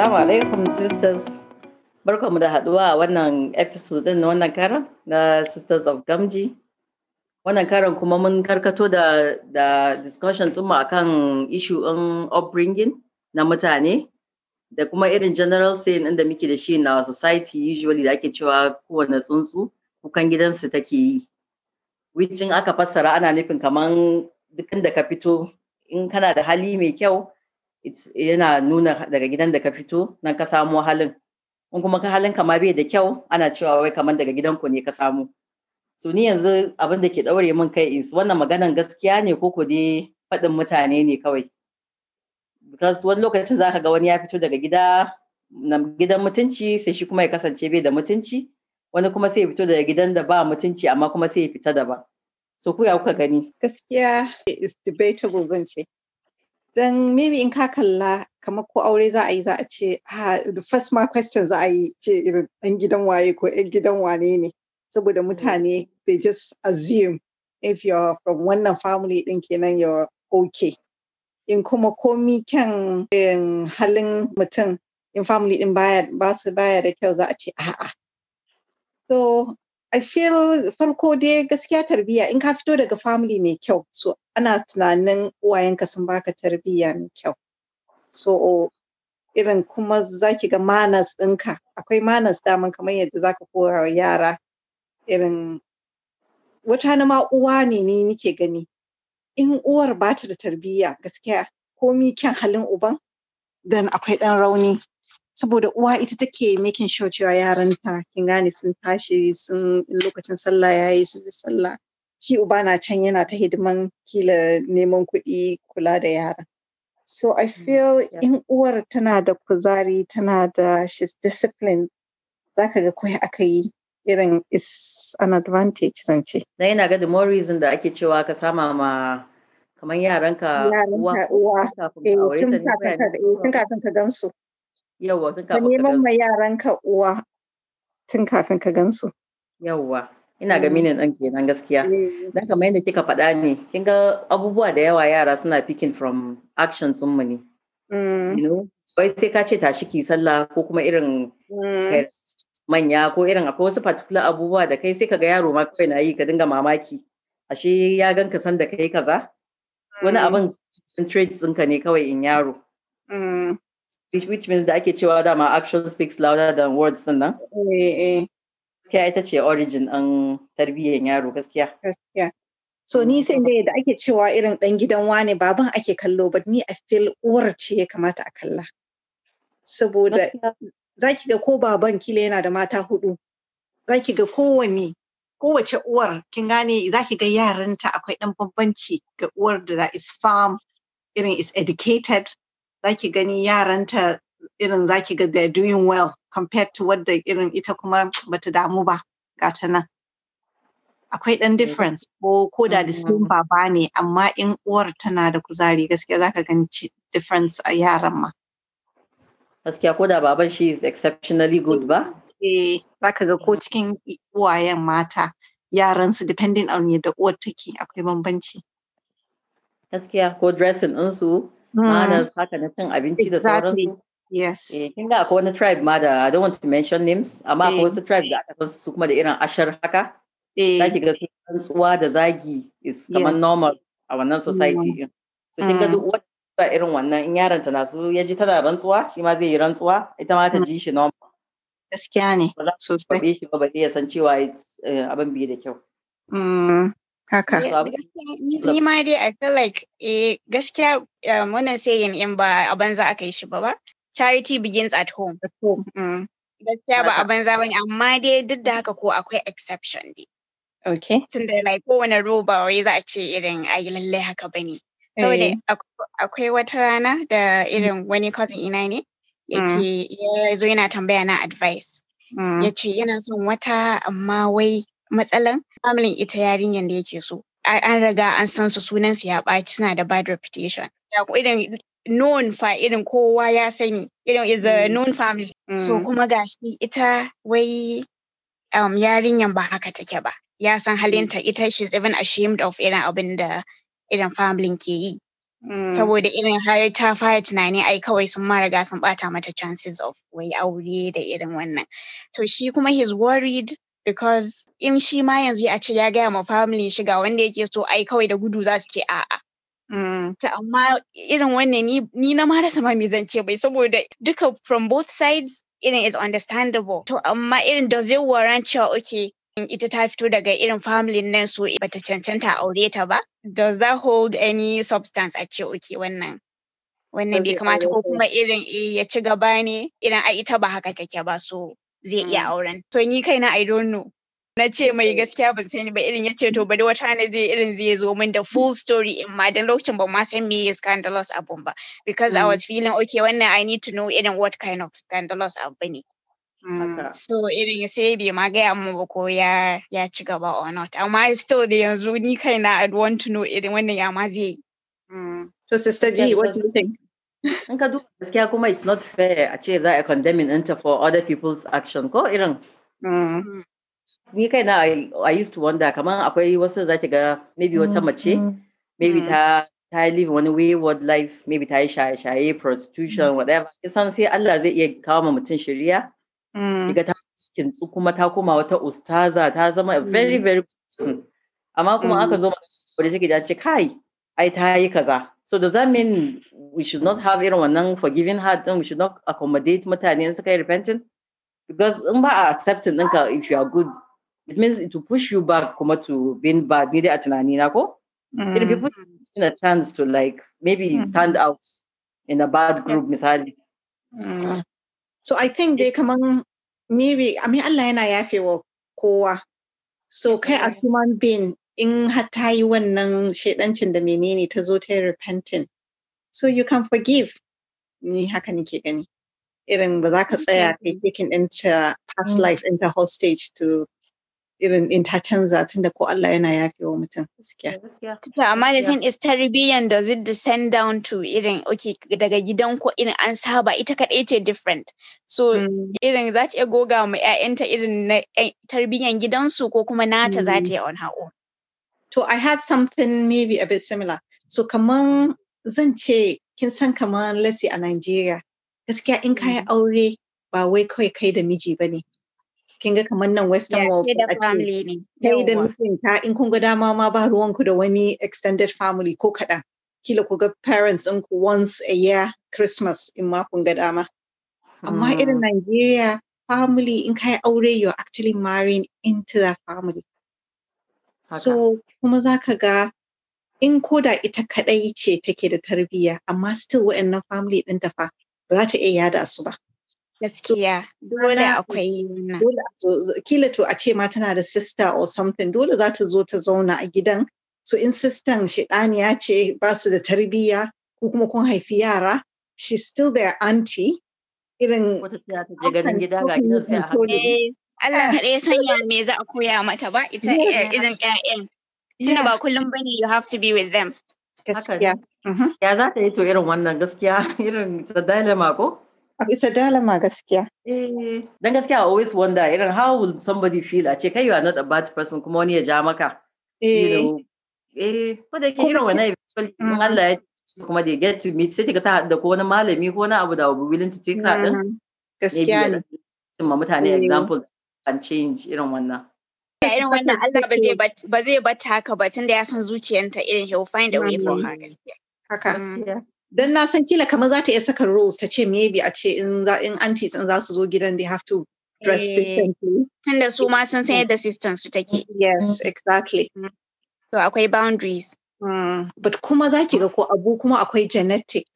Assalamu alaikum sisters. Barkamu da haɗuwa a wannan episode din na wannan karan na Sisters of Gamji. Wannan karan kuma mun karkato da, da discussion mu akan issue in upbringing na mutane da kuma irin general saying inda muke da shi na society usually da ake cewa kowane tsuntsu kukan gidansu take yi. Which in aka fassara ana nufin kaman duk da ka fito in kana da hali mai kyau yana nuna daga gidan da ka fito nan ka samo halin in kuma ka halin kama bai da kyau ana cewa wai kamar daga gidanku ne ka samu so ni yanzu abin da ke daure min kai is wannan maganan gaskiya ne ko ko dai faɗin mutane ne kawai because wani lokacin zaka ga wani ya fito daga gida na gidan mutunci sai shi kuma ya kasance bai da mutunci wani kuma sai ya fito daga gidan da ba mutunci amma kuma sai ya fita daban so ku ya kuka gani gaskiya is debatable zan ce dan maybe in ka kalla kamar ko aure za a yi za a ce ha ah, the first ma question za a yi ce irin ɗan gidan waye ko ɗan gidan wane ne saboda mm. mutane they just assume if you're from wannan family ɗin kenan you're okay in kuma komi kyan halin mutum in family ɗin baya ba su baya da kyau za a ce a'a so A feel farko dai gaskiya tarbiyya in ka fito daga family mai kyau so ana tunanin uwayenka sun baka tarbiyya mai kyau so irin kuma za ki ga manas ɗinka akwai manas daman kamar yadda za ka kora wa yara irin wata na ma uwa ne ni nike gani in uwar ba ta da tarbiyya gaskiya komi kyan halin uban dan akwai ɗan rauni saboda uwa ita take making sure cewa yaranta kin gane sun tashi sun lokacin sallah yayi sun sallah shi uba na can yana ta hidiman kila neman kuɗi kula da yara so i mm, feel yeah. in uwar tana da kuzari tana da she's disciplined zaka ga kawai aka yi irin is an advantage zance na yana ga the more reason da ake cewa ka sama ma kamar yaranka uwa kafin ka eh, aure ta ne eh, tun kafin ka gansu Yawwa tun kafin ka neman ma yaran ka uwa tun kafin ka gansu. Yawwa ina ga minin mm. ɗan kenan gaskiya. Eh. Dan kamar yadda kika faɗa ne kin ga abubuwa da yawa yara suna picking from action sun mu ne. Mm. Wai sai ka ce tashi ki sallah ko kuma irin mm. manya ko irin akwai wasu particular abubuwa da kai sai ka ga yaro ma kawai na yi ka dinga mamaki. Ashe ya gan ka san da kai kaza? Wani abin concentrate ɗinka ne kawai in yaro. which means da ake cewa dama action speaks louder than words nan? eh eh gaskiya ita ce origin an tarbiyyar yaro gaskiya gaskiya so ni sai dai da ake cewa irin ɗan gidan wane baban ake kallo ba ni a fil uwar ce ya kamata a kalla saboda zaki ga ko baban kila yana da mata hudu zaki ga kowanne kowace uwar kin gane zaki ga yaranta akwai ɗan bambanci ga uwar da is farm irin is educated zaki gani yaranta irin zaki ga they're doing well compared to wadda irin ita kuma bata damu ba ga ta nan akwai ɗan mm. difference ko ko da the same mm. baba ne amma in uwar tana da kuzari gaskiya zaka gani difference a yaran ma gaskiya ko da baban she is exceptionally good ba eh zaka ga ko mm. cikin uwayen mata yaran su depending on yadda uwar take akwai bambanci gaskiya ko dressing ɗinsu mothers mm. haka na cin abinci da sauransu Yes. Eh, kin ga akwai wani tribe ma da I don't want to mention names amma akwai eh. wasu tribe da aka san su kuma da irin ashar haka. Za ki eh. ga tsuwa da zagi is kamar normal a wannan society din. So kin ga mm. duk wata irin wannan in yaron ta nasu ya ji tana rantsuwa shi ma zai yi rantsuwa ita ma ta mm. ji shi normal. Gaskiya ne. Ba za su shi ba ba ya san cewa abin bai da kyau. haka ni ma dai i feel like eh gaskiya um, wannan sayin in ba a banza aka yi shi ba ba charity begins at home mm. gaskiya ba a banza bane amma dai duk da haka ko akwai exception dai okay tunda like kowane rule ba wai za a ce irin ayi lalle haka bane saboda eh. akwai wata rana da mm. irin wani cousin ina ne mm. yake ya zo yana tambaya na advice ya ce yana son wata amma wai matsalan familin ita yarinyar da yake so an riga an san su sunan su ya baci suna da bad reputation ya irin known fa irin kowa ya sani irin is a mm. known family so mm. kuma gashi ita wai um, ba haka take ba ya san mm. halinta ita is even ashamed of irin abin da irin family ke yi saboda irin har ta fara tunani ai kawai sun ma riga sun bata mata chances of wai aure da irin wannan to shi kuma is worried because in shi ma yanzu ya ce ya gaya ma family shiga wanda yake so ai kawai da gudu za su ke a'a mm. ta amma irin wannan ni na ma rasa ma me zan ce bai saboda duka from both sides irin is understandable to amma irin da zai warrant cewa okay ita ta fito daga irin family nan so bata cancanta aure ta ba does that hold any substance a ce okay wannan wannan bai kamata ko kuma irin eh, ya ci gaba ne idan a ita ba haka take ba so zai iya mm. auren. To ni kaina I don't know. na ce mai mm. gaskiya ban sani ba irin ya ce to bari wata ne zai irin zai zo min da full story in ma dan lokacin ban ma san me ya scandalous abun ba because I mm. was feeling okay wannan I need to know irin what kind of scandalous abu ne. So irin sai bai ma gaya mu ba ko ya ya ci gaba or not amma still da yanzu ni kaina I want to know irin wannan ya ma zai. To sister G what do you think? in ka duba gaskiya kuma it's not fair a ce za a condemning ɗinta for other people's action ko irin mm. Mm. ni kai na I used to wonder kamar akwai wasu za ta ga maybe wata mm, mace maybe ta ta live wani wayward life maybe ta yi shaye-shaye prostitution whatever kisan sai Allah zai iya kawo ma mutum shari'a. kiga ta kintsu kuma ta koma wata ustaza ta zama a very very person amma kuma aka zo mata da take da ce kai ai ta yi kaza so does that mean we should not have irin wannan forgiving heart and we should not accommodate mutane in suka yi repenting because in ba a accepting ɗinka if you are good it means it will push you back kuma to being bad ni dai a tunani na ko it will push you a chance to like maybe mm-hmm. stand out in a bad group misali mm-hmm. so i think dai kaman maybe I mean Allah yana yafewa kowa so kai as human being in har ta yi wannan shaidancin da menene ta zo ta yi repenting so you can forgive ni haka nake gani irin ba za ka tsaya kai taking into past mm. life into hostage to irin in ta canza tunda ko Allah yana yafe wa mutum gaskiya. To amma the thing is tarbiyyan does it descend down to irin okay daga gidan ko irin an saba ita kaɗai ce different. So mm. irin za ta iya goga ma 'ya'yanta irin na eh, tarbiyyan gidansu ko kuma nata za ta mm. yi on her own. to i had something maybe a bit similar so kaman zan ce kin san kaman let's say a Nigeria gaskiya in kayi mm-hmm. aure ba wai kawai kai da miji bane kin ga kamar nan western world a ce kai da mijinka in kun ga dama ma ba ruwanku da wani extended family ko kaɗan kila ku ga parents ɗinku once a year christmas in ma kun ga dama amma irin mm. Nigeria family in kai aure you're actually marrying into that family so kuma za ka ga in koda ita kaɗai ce take da tarbiyya amma still wa'annan family ɗin ta ba za ta iya yada su ba gaskiya dole akwai dole kila to a ce ma tana da sister or something dole za ta zo ta zauna a gidan so in sistan shiɗaniya ce ba su da tarbiyya ko kuma kun haifi yara she still their auntie irin Allah kaɗai sanya me za a koya mata ba ita irin ƴaƴan. ba kullum you have to be with them. Gaskiya. Mm-hmm. Ya za ta yi to irin wannan gaskiya irin It's a dilemma gaskiya. Eh, dan gaskiya I always wonder know, how will somebody feel a ce kai you are not a bad person kuma wani ya ja maka. Eh. Eh, ko irin eventually mm-hmm. Allah ya kuma they get to meet sai daga ta da ko wani malami ko wani abu da will willing to take her mm-hmm. Gaskiya ne. mutane eh. example an change irin wannan irin wannan Allah ba zai bata haka ba tunda ya san zuciyanta irin he will find a way for her haka dan na san kila kamar za ta iya saka rules ta ce maybe a ce in za in aunties in za su zo gidan they have to dress eh, differently tunda su ma sun san mm. yadda system su take yes mm. exactly mm. so akwai boundaries but kuma za ki ga ko abu kuma akwai genetic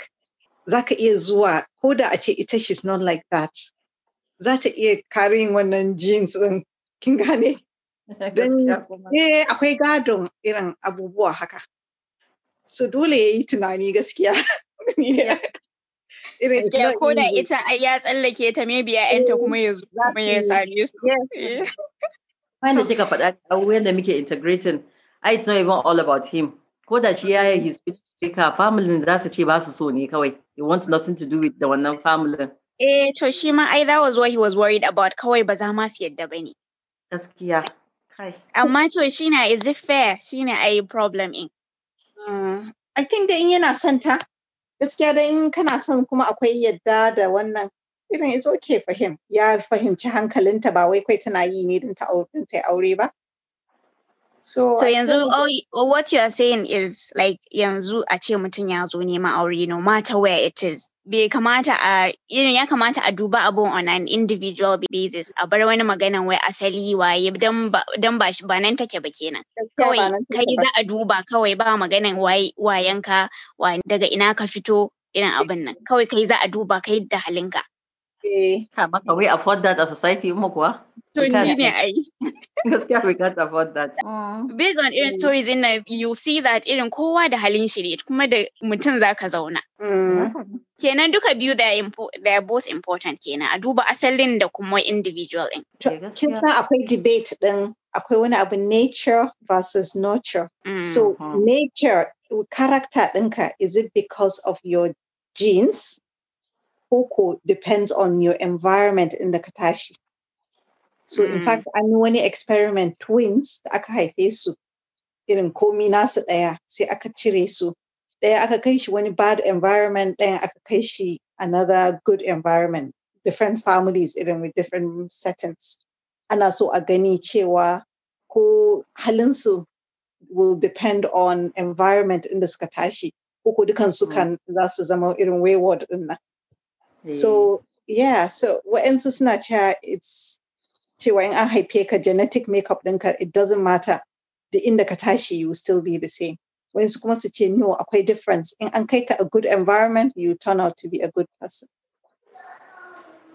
za ka iya zuwa ko da a ce ita she's not like that za ta iya karin wannan jeans din kin gane don eh, akwai gadon irin abubuwa haka so dole ya yi tunani gaskiya irin ko da ita ai ya tsallake ta me biya yanta eh, kuma ya zo kuma ya same su eh. wanda kika faɗa abubuwan da muke integrating I it's not even all about him ko da shi ya yi his ka family za su ce ba su so ne kawai he wants nothing to do with the wannan family eh to shi ma ai that was what he was worried about kawai ba za ma su yadda ba ne gaskiya kai amma to shi na is it fair shi ne ai problem in mm, i think da in yana son ta gaskiya da in kana son kuma akwai yadda da wannan irin is okay for him ya fahimci hankalinta ba wai kai tana yi ne din ta aure ba So, so yanzu think... all what you are saying is like yanzu a ce mutum ya zo neman aure no matter where it is bai kamata a irin ya kamata a duba abun on an individual basis a bar wani magana wai asali waye dan ba ba nan take ba kenan kawai kai za a duba kawai ba maganan wayanka daga ina ka fito irin abin nan kawai kai za a duba kai da halinka Eh. Kama we afford that a society mu kuwa? To ni ne ai. Gaskiya we can't afford that. Mm. Based on irin eh. stories in you see that irin kowa da halin shi kuma da mutum zaka zauna. Mm. Kenan duka biyu they are both important kenan a duba asalin da kuma individual din. Eh, kin san akwai debate din akwai wani abu nature versus nurture. Mm. So uh-huh. nature character ɗinka is it because of your genes koko depends on your environment in the katashi. so mm. in fact an yi wani experiment twins da aka haife su irin komi nasu ɗaya sai aka cire su ɗaya aka kai shi wani bad environment ɗayan aka kai shi another good environment different families irin with different settings ana so a gani cewa ko will depend on environment in the tashi ko ko su mm. kan za su zama irin wayward ɗin nan so mm. yeah, so wa'yansu suna cewa it's cewa in an high ka genetic makeup then it doesn't matter The inda ka you will still be the same. Wa'yansu kuma su ce no quite difference in an a good environment you turn out to be a good person.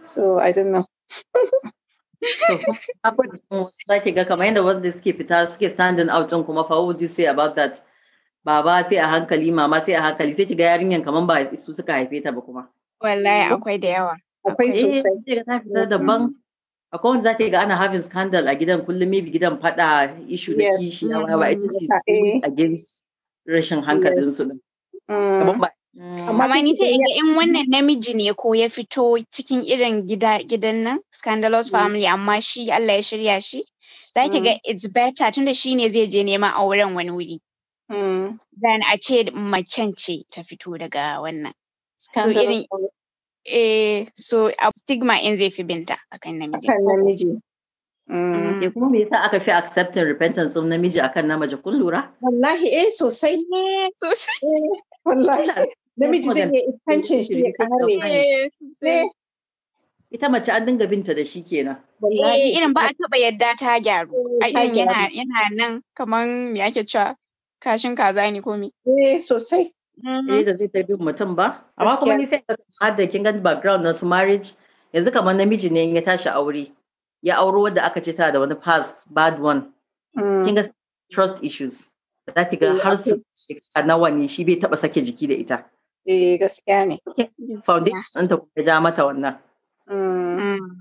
So I don't know. so standing out din kuma fa would you say about that baba sai a hankali mama sai a hankali sai kiga yarinyan kamar ba su suka haife ta ba kuma Wallahi akwai da yawa. Akwai sosai. Akwai ta fita mm, daban. Mm. Akwai wanda za ta ga ana having scandal a gidan kullum maybe gidan fada issue da kishi mm, amma ba ita ce eh. against rashin su din. Amma ni sai in ga in wannan namiji ne ko ya fito cikin irin gida gidan nan scandalous family amma shi Allah ya shirya shi za ki ga it's better tunda shi ne zai je neman auren wani wuri. Dan a ce macen ce ta fito daga wannan. so irin eh so stigma in zai fi binta akan namiji akan namiji Ke mm. eh, kuma me yasa aka fi accepting repentance of namiji akan namiji kun lura? Wallahi eh sosai. Eh, sosai. Eh, wallahi. Namiji zai iya iskancin shi ya kare. Ita mace an dinga binta da shi kenan. Wallahi irin ba a taba yadda ta gyaru. Yana nan kaman me ake cewa kashin kaza ne ko me? Eh sosai. eh mm-hmm. da zai ta bi mutum ba amma kuma ni sai har da kin gani background na su marriage yanzu kamar namiji ne ya tashi aure ya auro wanda aka ce ta da wani past bad one mm. kin ga trust issues za ki ga eh, har su nawa ne shi bai taba sake jiki da ita eh gaskiya ne foundation ta kuma ja mata wannan mm. Mm.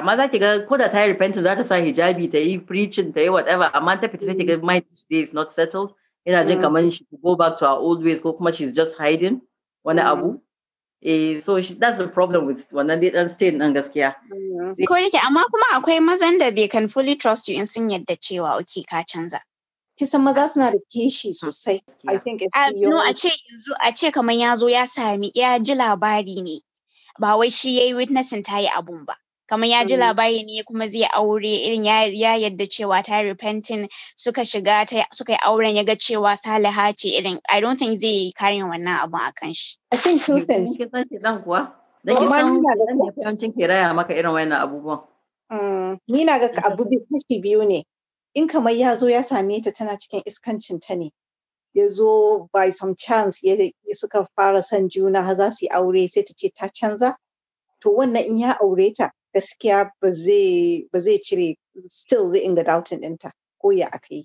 amma za ki ga ko da ta yi repentance za ta sa hijabi ta yi preaching ta yi whatever amma ta fita sai ki ga my day is not settled ina jin mm. kamar she go back to her old ways ko kuma she's just hiding wani mm. abu Eh, so she, that's the problem with wannan dai dan stay nan gaskiya. Mm. Ko yake amma kuma akwai mazan da they can fully trust you in sun yadda cewa okay ka canza. kisan maza suna da kishi sosai. I think it's uh, no, a ce yanzu a ce kamar ya zo ya sami ya ji labari ne ba wai shi yayi witnessing ta abun ba. kamar ya ji mm. labari ne kuma zai aure irin ya yadda cewa ta repenting suka shiga suka yi auren ya ga cewa salaha ce irin i don't think zai yi karin wannan abun a kan shi i think two things kin san shi dan kuwa san dan ne ke raya maka irin wannan abubuwan mm, ni na ga abu kashi biyu ne in kamar ya zo ya same ta tana cikin iskancin ta ne ya zo by some chance ya suka fara son juna za su yi aure sai ta ce ta canza to wannan in ya aure ta gaskiya ba zai cire still zai inga doubting dinta, ko ya aka yi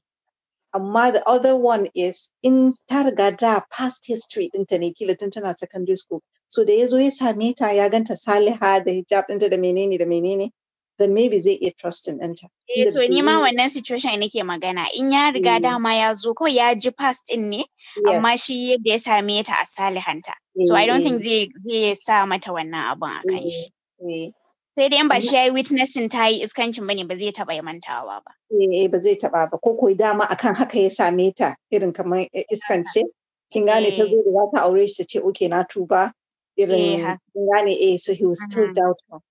amma the other one is in ta riga da past history ɗinta ne kila tun tana secondary school so da ya zo ya same ta ya ganta saliha da hijab ɗinta da menene da menene then maybe zai iya trusting ɗinta. Eh to ni ma wannan situation nake magana in ya riga mm. dama ya zo kawai ya ji past ɗin ne amma shi yadda ya same ta a salihanta. So I don't think eh. zai sa mata wannan abun a kan eh, shi. Eh. sai dai in ba shi ya yi witnessing ta yi iskancin bane ba zai taba mantawa ba eh ba zai taba ba ko koyi dama akan haka ya same ta irin kamar iskance kin gane ta zo eh. da za ta aure shi ta ce okay na tuba irin eh, kin gane eh so he was still mm-hmm. doubtful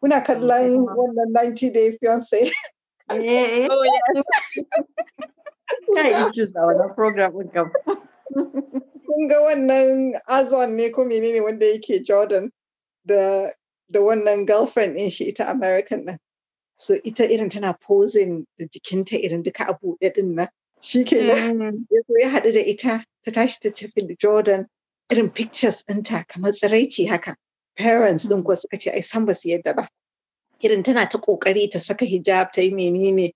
kuna mm-hmm. kallon wannan 90 day fiance eh kai jus da wannan program din kam kun ga wannan azon ne ko menene wanda yake Jordan da da wannan girlfriend din shi ita American nan. So ita irin tana posing da jikinta irin duka a buɗe din nan. Shi ke mm. ya haɗu da ita ta tashi ta tafi Jordan irin pictures ɗinta kamar tsiraici haka. Parents ɗin kuwa suka ce ai san ba su yadda ba. Irin tana ta ƙoƙari ta saka hijab ta yi menene.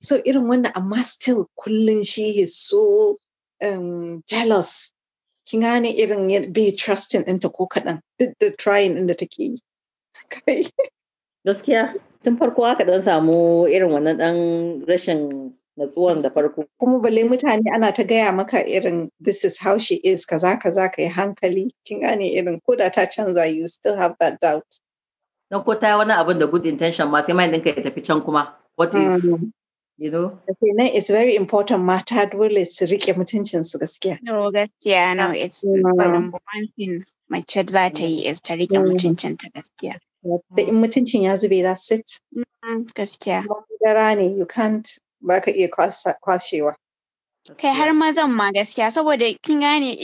So irin wannan amma still kullum shi is so um, jealous kin gane irin bai trusting ɗinta ko kaɗan duk da trying ɗin da take yi. gaskiya tun farko aka dan samu irin wannan dan rashin natsuwan da farko kuma balle mutane ana ta gaya maka irin this is how she is kaza kaza ka yi hankali kin gane irin ko da ta canza you still have that doubt don ko ta wani abin da good intention ma sai mai ɗinka ya tafi can kuma what if mm. you know nan it's very important mata dole su rike mutuncin su gaskiya no gaskiya no it's the number one thing mace za ta yi is ta rike mm. mutuncin ta gaskiya da in mutuncin ya zube za sit mm, gaskiya ne you can't ba ka iya kwashewa kai har mazan ma gaskiya saboda kin gane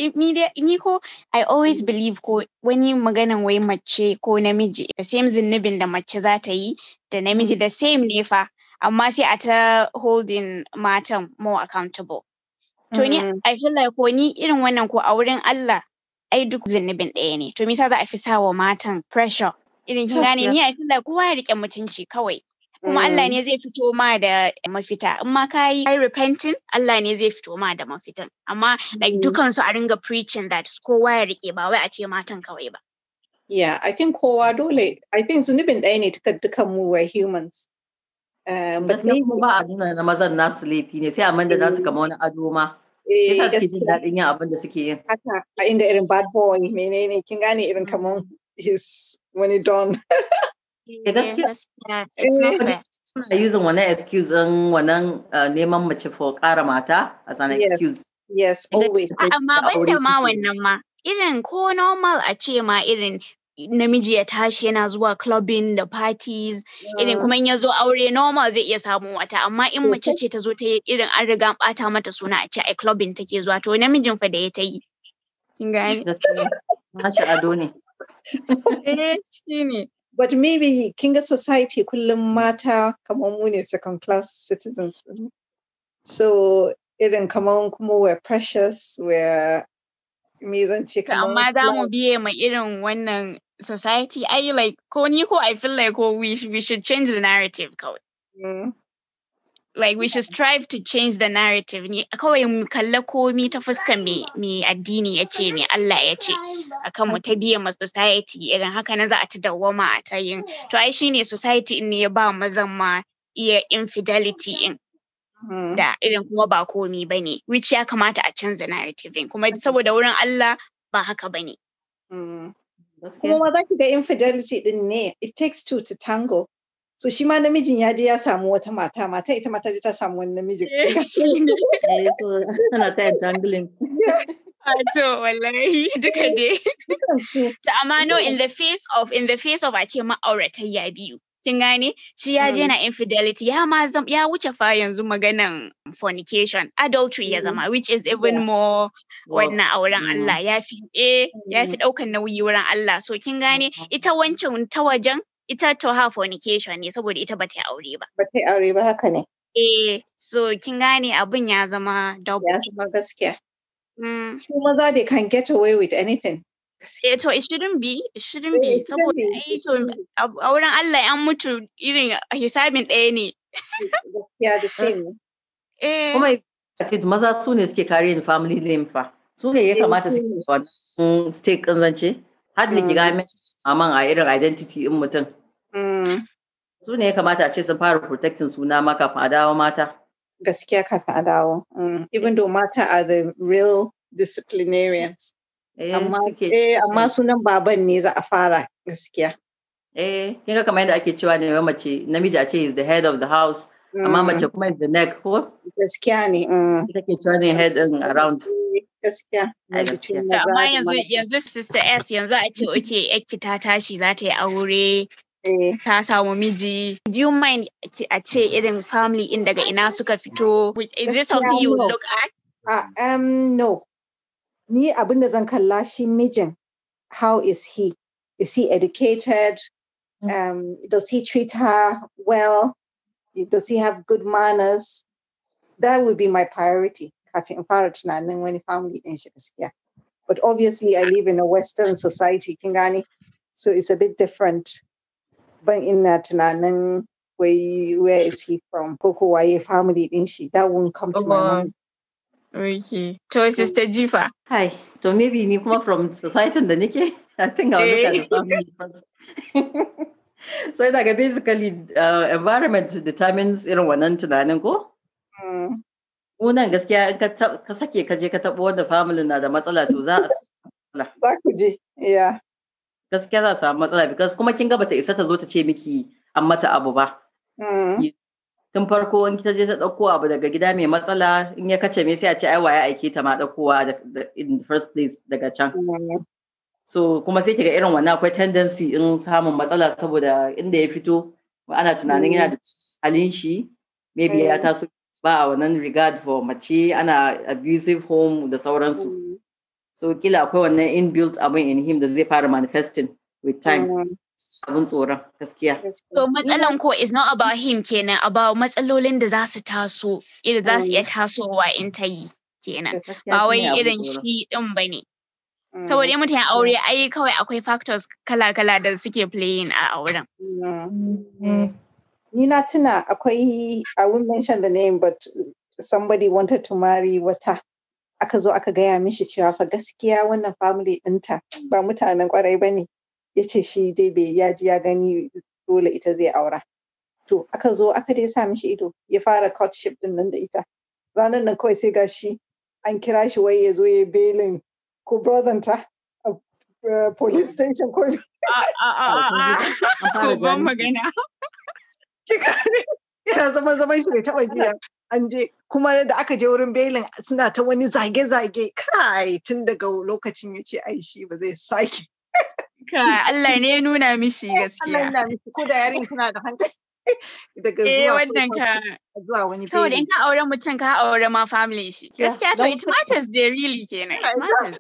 ni ko i always mm. believe ko wani maganan wai mace ko namiji the same zunubin da mace za ta yi da namiji mm. the same ne fa amma sai a ta holding matan more accountable to ni mm-hmm. i feel like ko ni irin wannan ko a wurin Allah ai duk zinubin ɗaya ne to me yasa za a fi sawa matan pressure irin kin gane ni a Allah kowa ya rike mutunci kawai kuma mm. Allah ne zai fito ma da mafita in ma ka repenting Allah ne zai fito ma da mafitan amma like mm. dukan su a ringa preaching that kowa ya rike ba wai a ce matan kawai ba yeah I think kowa dole I think zunubin ɗaya ne dukan mu were humans Um, but me, ba a nuna na mazan nasu laifi ne sai a manda nasu mm. kama wani ado ma. Eh, when eh, it's done. use one excuse ɗin wannan uh, neman mace for ƙara as an excuse. Yes, always. Amma ban da ma wannan ma, irin ko normal a ce namiji ya tashi yana zuwa clubbing da parties irin kuma in ya zo aure normal zai iya samun wata amma in mace ce ta zo ta yi irin an riga bata mata suna a ce ai clubbing take zuwa to namijin fa da ya ta yi kin gane nashi ado ne eh shine but maybe kinga society kullum mata kamar mu ne second class citizens so irin kamar kuma we precious we me zan ce kamar amma za mu biye ma irin wannan society I like ko ni ko I feel like oh, we should change the narrative kawai mm. like we should strive to change the narrative Ni kawai mu kalla komi ta fuskar me me addini ya ce me Allah ya ce akan mu ta biye ma society irin haka na za a ta dawwama a ta yin to ai shine society in ne ya ba mazan ma iya infidelity in mm-hmm. da irin kuma ba komi bane which ya kamata a canza narrative in kuma saboda wurin Allah ba haka bane mm-hmm. kuma ma za ki ga infidelity din ne it takes two to tango so shi ma namijin ya je ya samu wata mata mata ita mata ta samu wani namijin eh. eh, tana ta dangling ah, to wallahi duka dai to amma no in the face of in the face of a ce ma'auratayya biyu kin gane shi ya je mm. na infidelity ya ma ya wuce fa yanzu maganan fornication adultery ya mm. zama which is even more wannan auren mm. Allah ya fi eh ya fi daukan nauyi wurin Allah so kin gane ita wancan ta wajen ita to ha fornication ne saboda ita ba ta aure ba. Ba ta aure ba haka ne. Eh, so kin gane abin ya zama double. Ya zama gaskiya. Mm. Su maza they can get away with anything. Eh, to it shouldn't be, it shouldn't be. Eh, saboda ai to auren Allah an mutu irin hisabin ɗaya ne. Ya the same. Eh. Kuma maza su ne suke kare ni family name fa. Su ne ya eh, kamata su ke wannan mm, stake zance. har likiga mm. aman a irin identity in mutum mm. su ne ya kamata a ce sun fara protecting suna ma kafin a dawo mata gaskiya kafin a dawo mm. even though mata are the real disciplinarians eh, eh, amma sunan baban ne za a fara gaskiya eh kin ga kamar yadda ake cewa ne mace namiji a ce is the head of the house amma mace kuma is the neck ko gaskiya ne ita ke turning head around gaskiya amma yanzu sister S yanzu a ce okay yakki ta tashi za ta yi aure eh. ta samu miji do you mind a ce irin family in daga ina suka fito is this something you look at uh, um no ni abin da zan kalla shi mijin how is he is he educated mm. um, does he treat her well does he have good manners that would be my priority kafin fara tunanin wani family din shi gaskiya but obviously I live in a western society kin gane so it's a bit different ban ina tunanin where where is he from ko ko waye family din shi that won't come to my mind Okay. To sister Jifa. Hi. To maybe ni kuma from society da nake. I think I'll look at the family first. so it's like basically uh, environment determines irin wannan tunanin ko? Mm. Munan gaskiya in ka sake ka je ka taɓa wanda family na da matsala to za a matsala. Za ku je, ya Gaskiya za a samu matsala because kuma kin ga bata isa ta zo ta ce miki an mata abu ba. Mm. Tun farko in ta je ta ɗauko abu daga gida mai matsala in ya kace me sai a ce ai waye aike ta ma ɗaukowa in the first place daga can. Mm. So kuma sai ga irin wannan akwai tendency in samun matsala saboda inda ya fito ana tunanin yana mm. da alin shi maybe ya taso ba a wannan regard for mace ana abusive home da sauransu mm. so kila akwai wannan inbuilt abin in him da zai fara manifesting with time mm. abin tsoron gaskiya so matsalan ko is not about him kenan about matsalolin da za su taso irin za su iya mm. tasowa in ta yi kenan ba wai irin shi din bane saboda mutane aure ai kawai akwai factors kala-kala da suke playing a auren nina na tuna akwai, I won't mention the name, but somebody wanted to marry wata. Aka zo aka gaya mishi cewa fa gaskiya wannan family ɗinta ba mutanen kwarai ba ne. Ya ce shi dai bai ya ji ya gani dole ita zai aura. To, aka zo aka dai sa mishi ido ya fara courtship din nan da ita. Ranar nan kawai sai gashi an kira shi wai ya zo ya belin ko brother ta a police station ko ban magana. yana zaman zaman shi bai taba jiya an je kuma da aka je wurin belin suna ta wani zage-zage kai tun daga lokacin ya ce ai shi ba zai sake kai Allah ne nuna mishi eh, gaskiya Allah mishi ko da yarin tana da hankali daga eh, zuwa wannan ka zuwa wani saboda in ka aure mutum ka aure ma family shi gaskiya to it matters they really kenan it matters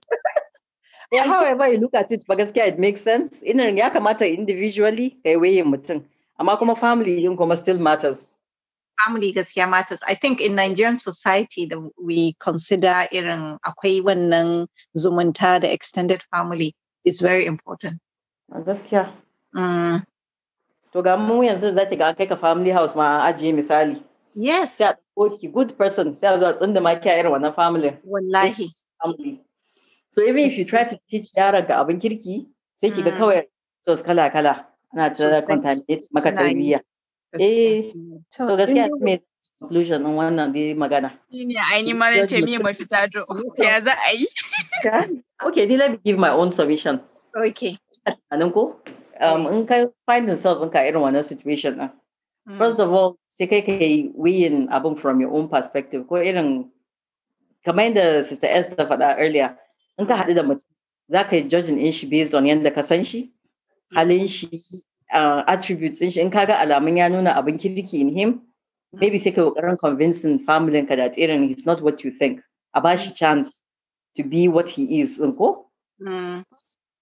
Yeah, however you look at it, but gaskiya it makes sense. Ina ya kamata individually kai waye mutum. amma kuma family din kuma still matters family gaskiya matters i think in nigerian society da we consider irin akwai wannan zumunta da extended family is very important gaskiya mm. to ga mu yanzu za ga kai ka family house ma ajiye misali yes sai a good person sai a zo a tsinda ma kiya irin wannan family wallahi family so even if you try to teach yaran ga abin kirki sai ki ga mm. kawai kala kala na da contaminate maka tarbiyya eh to gaskiya me conclusion din wannan dai magana shine ainihin mana ce me mafita jo ya za a yi okay ni let me give my own solution okay anan ko in ka find yourself in ka irin wannan situation din ah. mm. first of all sai kai ka yi wiyin abin from your own perspective ko irin kamar yadda sister S ta faɗa earlier in ka haɗu da mutum za ka yi judging in shi based on yadda ka san shi halin shi attributes shi in kaga alamun ya nuna abin kirki in him maybe sai kai kokarin convincing family ka that irin he's not what you think a chance to be what he is in ko mm.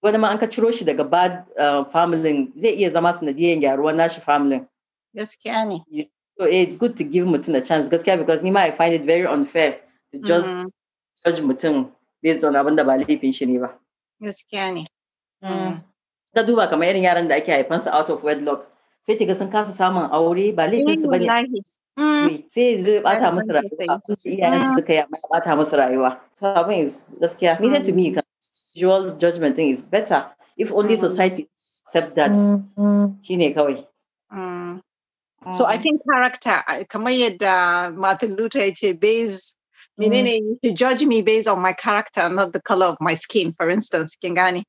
wani ma an ka ciro shi daga bad family zai iya zama sanadiyan gyaruwar nashi family gaskiya ne so eh, it's good to give mutum a chance gaskiya because Nima, i find it very unfair to just mm. judge mutum based on abin da ba laifin shi ne ba gaskiya ne mm. Mm ta duba kamar irin yaran da ake haifansu out of wedlock sai ta ga sun kasa samun aure ba laifin su bane mm. sai zai bata musu rayuwa sun ci iyayen su suka yi amma bata musu rayuwa so abin is gaskiya ni to me dual mm. judgment thing is better if only mm. society accept that shine kawai so i think character kamar yadda Martin Luther ya ce menene you judge me based on my character not the color of my skin for instance kin gane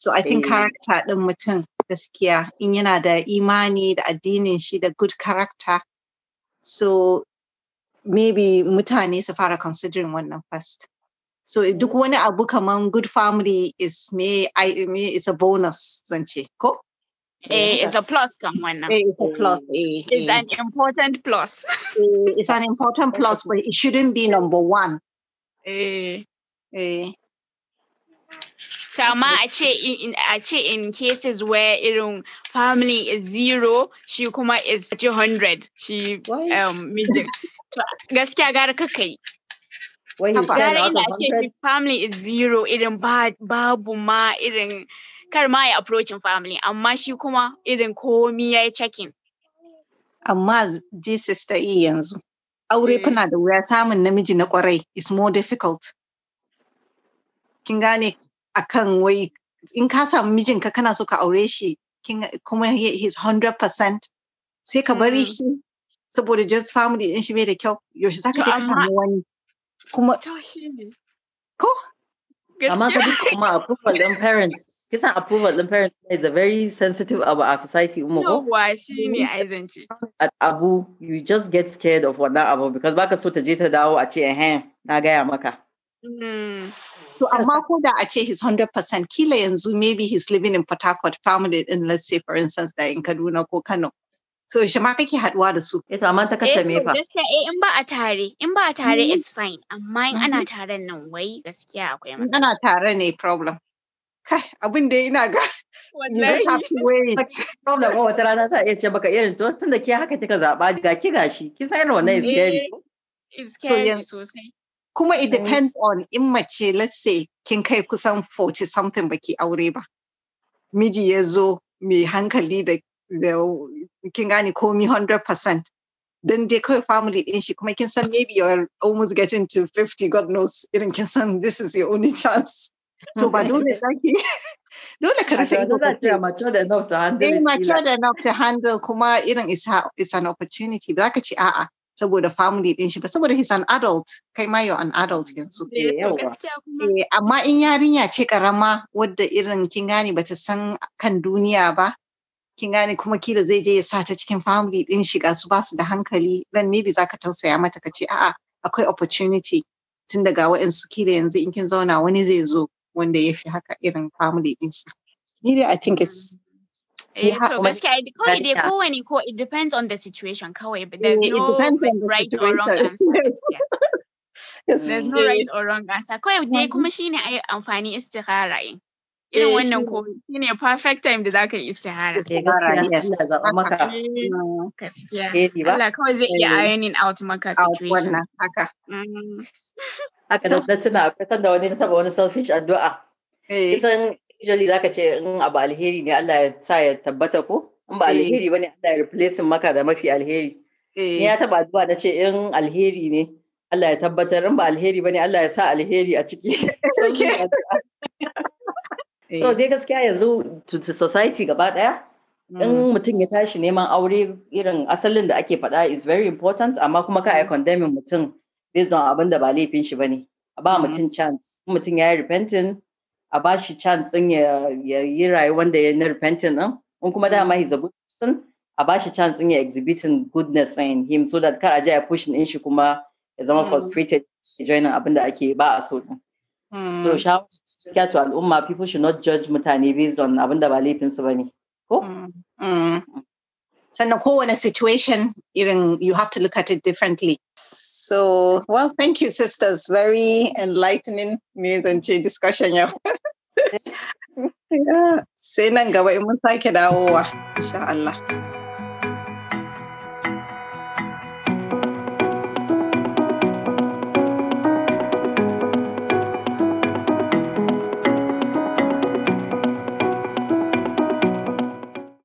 so I think eh. character ɗin mutum gaskiya in yana da imani da addinin shi da good character. So maybe mutane su fara considering wannan first. So duk wani mm. abu kaman good family is me, I, me it's a bonus zance ko? Eh, eh it's a plus kan wannan. Eh, it's a plus. Eh, eh it's an important plus. eh, it's an important plus but it shouldn't be number one. Eh. Eh. So amma a ce in a ce in cases where irin family is zero shi kuma is 200 shi um mijin. To gaskiya gara kakai. Gara ina ce family is zero irin babu ma irin kar ma ya approaching family amma shi kuma irin komi ya yi checking. Amma Jesus ta yi yanzu. Aure mm. kuna da wuya samun namiji na kwarai is more difficult. Kin gane? akan wai in ka samu mijinka kana so ka aure shi kuma his 100% sai ka bari mm. shi saboda just family din shi bai da kyau yaushe ka je ka samu wani kuma ko amma ka duka kuma approval din parents kisa approval din parents is a very sensitive abu a society umu ko wa shi ne mm. zance at abu you just get scared of wannan abu because baka so ta je ta dawo a ce eh na gaya maka mm. So, amma ko da a ce 100% kile and yanzu maybe he's living in Port family in let's say for instance da in Kaduna ko Kano. So shi ma kake haduwa da su. Ita amma ta eh, kace me fa. Gaskiya eh in ba a tare, in ba a tare mm-hmm. is fine, amma in ana mm-hmm. taren nan wai gaskiya akwai matsala. Ana tare ne problem. Kai abin da ina ga wallahi problem ko wata rana ta iya ce baka irin to tunda ke haka kika zaba ga ki gashi ki sai irin wannan is scary. Eh, is scary sosai kuma it depends on in mace let's say kin kai kusan 40 something baki aure ba miji ya zo mai hankali da kin gane mi 100% Then dai kawai family din shi kuma kin san maybe you're almost getting to 50 god knows irin kin san this is your only chance to ba dole zaki dole ka rufe ido ka mature enough to handle eh, mature enough to handle kuma irin is an opportunity ba ka ce a'a saboda family din shi ba saboda he's an adult kai ma yau an adult yanzu eh, eh, amma in yarinya ce karama wadda irin kin gane bata san kan duniya ba kin gane kuma kila zai je ya sa ta cikin family din ga su ba su da hankali then maybe zaka tausaya mata ka ce a'a akwai opportunity tun daga waɗansu kila yanzu in kin zauna wani zai zo wanda ya fi haka irin family din shi ni dai i think it's Eh, to it depends on the situation kawai but there's it no right or wrong answer yes. there's no right or wrong answer kawai dai kuma shine ai amfani istikhara eh ko shine perfect time da zaka yi istihara mm. eh, Allah kawai zai iya ironing out maka situation haka mm. haka da tuna fitar da wani taba wani selfish addu'a ah, kisan eh. usually zaka ce in abu alheri ne Allah ya sa ya tabbata ko in ba eh. alheri bane Allah ya replace maka da mafi alheri ni eh. ya taba addu'a na ce in alheri ne Allah ya tabbatar in ba alheri bane Allah ya sa alheri a ciki so eh. dai gaskiya yanzu to society gaba daya in mm. mutum ya tashi neman aure irin asalin da ake faɗa is very important amma kuma ka a mm. condemning mutum based on abin da ba laifin shi bane ba mm-hmm. mutum chance mutum ya yi repenting a ba shi chance din ya yi rayuwar da ya na din in kuma dama he's a good person a ba shi chance din ya exhibiting goodness in him so that kar a je a push din shi kuma ya zama hmm. frustrated ya join abin da ake ba a so din so hmm. shawar gaskiya to al'umma people should not judge mutane based on abin da ba laifin su bane ko hmm. sannan kowane situation irin you have to look at it differently so, well, thank you, sisters. Very enlightening news and discussion yau. Sai nan gaba in mun sake dawowa, insha Allah.